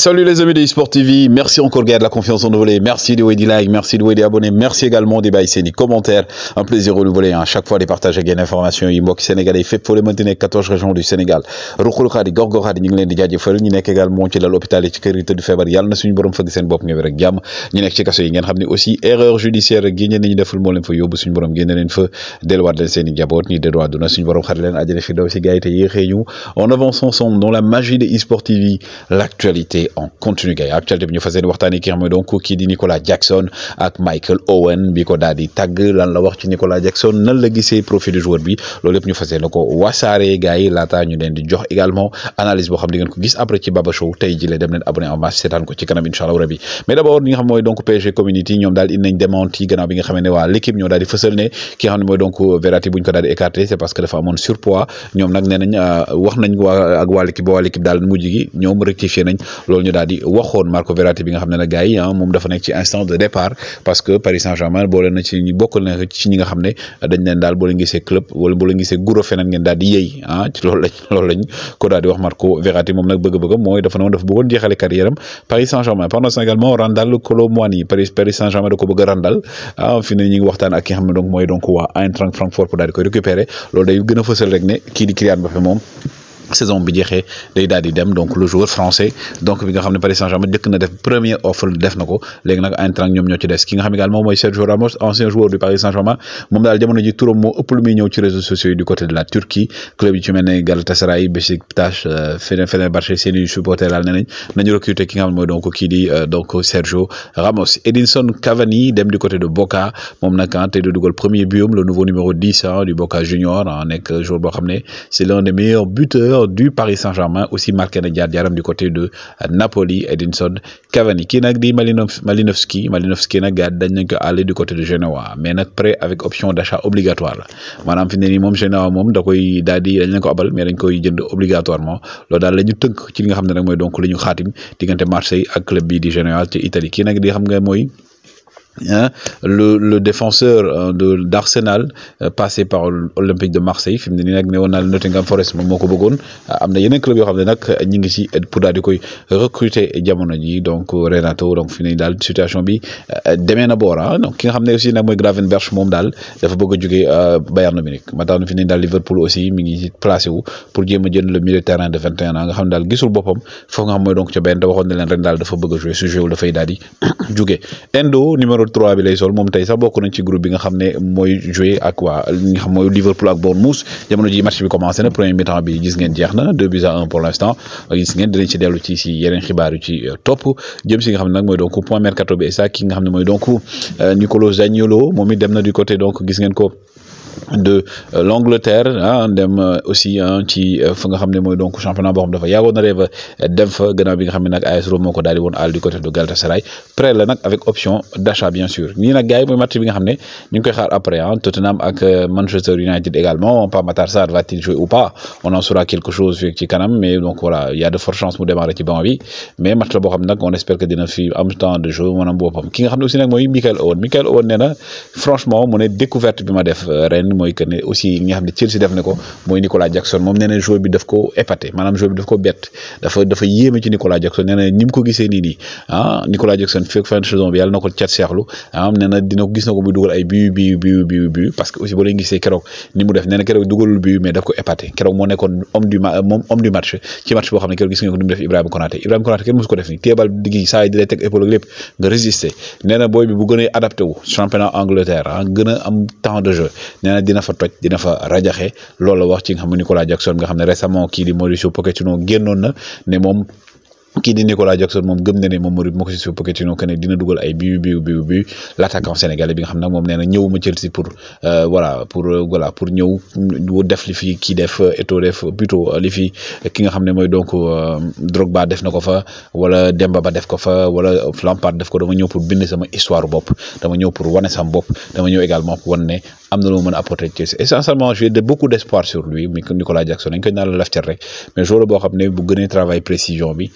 Salut les amis de eSport TV, merci encore gars de la confiance en renouvelée, merci de vous likes, merci de vous abonner, merci également des bails, des commentaires, un plaisir renouvelé hein. à chaque fois de partager des informations, inbox sénégalais, fait pour les maintenir 14 régions du Sénégal. Rokul Khadi, Gorgo Khadi, ñu ngi leen di ñu également ci lal hôpital yi ci kër yi tëdd feebar yàlla na suñu borom fëgg seen bopp ngeen rek jàmm ñu nekk ci yi aussi erreur judiciaire rek gi ñeen ñi deful moo leen fa yóbbu suñu borom génne leen fa delluwaat de seen i jaboot ñi delluwaat duna suñu borom xar leen àjjana fi daw yi en avançant ensemble dans la magie de eSport TV l'actualité et on continue gars yi actualité bi ñu fas yéene waxtaanee ki nga xam donc ki di Nicolas Jackson ak Michael Owen biko daldi tag di lan la wax ci Nicolas Jackson nan la gisee profil du joueur bi loolu yëpp ñu fassé nako wasaré wasaaree gars yi laata ñu den di jox également analyse bo xam di ngeen ko gis après ci Baba Show tey jii dem len abonné en masse seetaan ko ci kanam inshallah allah rabi mais d'abord ñi li nga xam mooy donc PSG community ñom ñoom in nañ démenti gannaaw bi nga xamé né wa l'équipe équipe ñoo daal di fësal ki nga xam ne donc euh, Verratti buñ ko daldi di écarté c' parce que dafa amone surpoids ñom nak né nañ euh, wax nañ waa ak waa l' équipe ba waa l' mujj gi ñoom rectifié nañ loolu ñu daal di waxoon Marco Verratti bi nga xam ne nag gars ah, moom dafa nekk ci instance de départ parce que Paris Saint-Germain boole na ci ñi nga xam ne dañ daal boo leen club wala boo guro feneen ngeen daal di yéy ah, ko daal wax Marco Verratti moom nag bëgg-bëggam mooy dafa noonu dafa bëggoon Randal a Randal ah, fi ne ñu ngi waxtaan ak xam ne donc mooy donc waa Eintracht Francfort pour daal koy récupérer loolu day gën a rek ne kii di Kylian Mbappé moom saison bi jexé day dal di dem donc le joueur français donc bi nga xamné Paris Saint-Germain jëkk na def premier offre def nako légui nak entrant ñoom ñoo ci des ki nga xam également Sergio Ramos ancien joueur du Paris Saint-Germain mom dal jëmono ji turam mo ëpp lu muy ñëw ci réseaux sociaux du côté de la Turquie club yi ci Galatasaray Beşiktaş euh, Fenerbahçe c'est i supporter dal ne nañ nañu recruter ki nga xam moy donc ki di euh, donc Sergio Ramos Edinson Cavani dem du côté de Boca mom nak ah du dougal premier but le nouveau numéro 10 ah, du Boca Junior ah, nek joueur bo xamné c'est l'un des meilleurs buteurs du Paris Saint-Germain aussi marqué na du côté de euh, Napoli Edinson Cavani Qui nag di Malinowski Malinowski nag gars euh, dañ du côté de Genoa mais nag prêt avec option d'achat obligatoire Madame maanaam mom Genoa moom da koy daal dañ ko abal mais dañ koy obligatoirement loolu daal la ñu ci li nga xam donc li ñu xaatim diggante Marseille ak club bii di Genoa ci Italie qui nag di xam nga Hein, le, le, défenseur euh, de d'Arsenal euh, passé par Olympique de Marseille fi mu ne Nottingham Forest moom moo ko bëggoon yeneen club qui xam ne nag pour recruter jamono ji donc euh, Renato donc fini mu situation bi demee na ah, donc ki nga xam aussi nag mooy Gravenberch mom dal dafa bëgg Bayern Munich ma fini na fi mu Liverpool aussi mi ngi placé wu pour jéem a jënd le milieu de terrain de 21 ans nga xam dal gisul bopam fo nga moy donc ci ben da waxoon na leen rek dal dafa bëgg a jouer su joué wul dafay daal di Endo numéro numéro 3 bi lay sol moom tey sax bokk nañ ci groupe bi nga xamné moy jouer ak quoi li nga xam moy Liverpool ak Bournemouth jamono ji match bi commencé na premier mi-temps bi gis ngeen jeex na 2 buts à 1 pour l'instant gis ngeen dinañ ci dellu ci si yeneen xibaar ci euh, top jëm si nga xam nak moy donc point mercato bi et ça ki nga xam moy donc euh, Nicolas Zaniolo momi dem na du côté donc gis ngeen ko de euh, l'Angleterre hein dem euh, aussi hein, ci euh, fa nga xamné moy donc championnat boo xam dafa yago na rêve dem fa gannaaw bi nga xamné nak AS Rome moko daldi won al du côté de Galatasaray prêt la nak avec option d'achat bien sûr ni nak gars yi match bi nga xamné ne ñu koy xaar après hein Tottenham ak Manchester United également Pape Matar Sarr va-t-il jouer ou pas on en saura quelque chose fii ci kanam mais donc voilà il y a de fortes chances mu démarrer ci bon bi mais match la boo xam on espère que dina fi am temps de jeu am bopam ki nga xamné aussi nak moy Michael Owen Michael Owen néna franchement mu découverte bi ma def Rennes moy que ne aussi yi nga xamné ne Chelsea def na ko mooy Nicolas Jackson mom nee na joueur bi daf ko épaté manam joueur bi daf ko bett dafa dafa yéme ci Nicolas Jackson nee na ni ko gisee ni ni ah Nicolas Jackson fekk fin de saison bi yalla nako ciat cat am ah na dina ko gis nako ko muy ay bi bi bi bi parce que aussi bo lay gisee kérok ni mu def nee na keroog dugalul mais daf ko épaté keroog moo nekkoon homme du moom homme du match ci match bo xamné kérok keroog gis nga ko dum def Ibrahima Konaté Ibrahima Konaté kenn mosu ko def ni tébal digi saa yi di lay teg épaule lépp nga résister nee na bi bu gëna adapté wu championnat Angleterre ah gën am temps de jeu nee na dina fa toj dina fa rajaxe loolu la wax ci nga xam ne Nicolas Jackson nga xam ne récemment kii di Mauricio Pochettino génnoon na ne moom kii di Nicolas Jackson moom gëm na ne moom Mauricio Pochettino que ne dina dugal ay biu biu biu biu l' attaquant sénégalais bi nga xam nag moom nee na ñëw ma Chelsea pour euh, voilà pour euh, voilà pour ñëw def li fi kii def Eto'o def plutôt li fi ki nga xam ne mooy donc euh, Drogba def na ko fa wala Demba Ba def ko fa wala Lampard def ko dama ñëw pour bind sama histoire bopp dama ñëw pour wane sama bopp dama ñëw également pour wane ne am na loo apporter ci essentiellement j'ai de beaucoup d'espoir sur lui Nicolas Jackson dañ koy dal la laftir rek mais joueur bo xamné bu gëné travail précision bi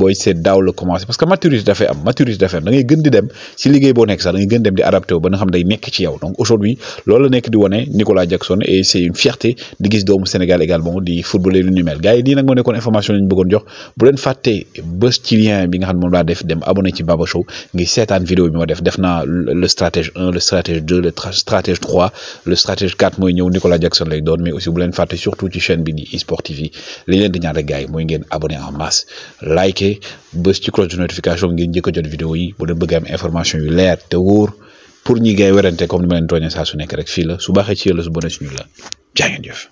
boy c'est daw le commencer parce que maturité da dafay am maturité da am da ngay gën di dem ci liggéey boo nek sax da ngay gën dem di adapté wu ba nga xam day nek ci yow donc aujourd'hui loolu la nek di woné Nicolas Jackson et c'est une fierté di gis doomu Sénégal également di footballer lu ñu mel gars yi nii nag moo nekkoon information lañu bëggoon jox bu len faté bëss ci lien bi nga xam mom la def dem abonné ci Baba Show ngi sétane vidéo bi mo def def naa le stratège 1 le stratège 2 le stratège 3 le stratège 4 moy ñëw Nicolas Jackson lay doon mais aussi bu len faté surtout ci chaîne bi di eSport TV li len di ñaan rek gars moy ngeen abonné en masse liker bés ci cloche de notification ngeen njëkk jot vidéo yi bu leen bëgg am information yu leer té woor pour ñi gay wérante comme ni ma len tooñee sa su nekk rek fi la su baxé ci yéen la su bonee suñu la jaa ngeen